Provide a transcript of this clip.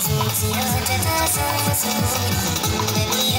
zuciya ta san su da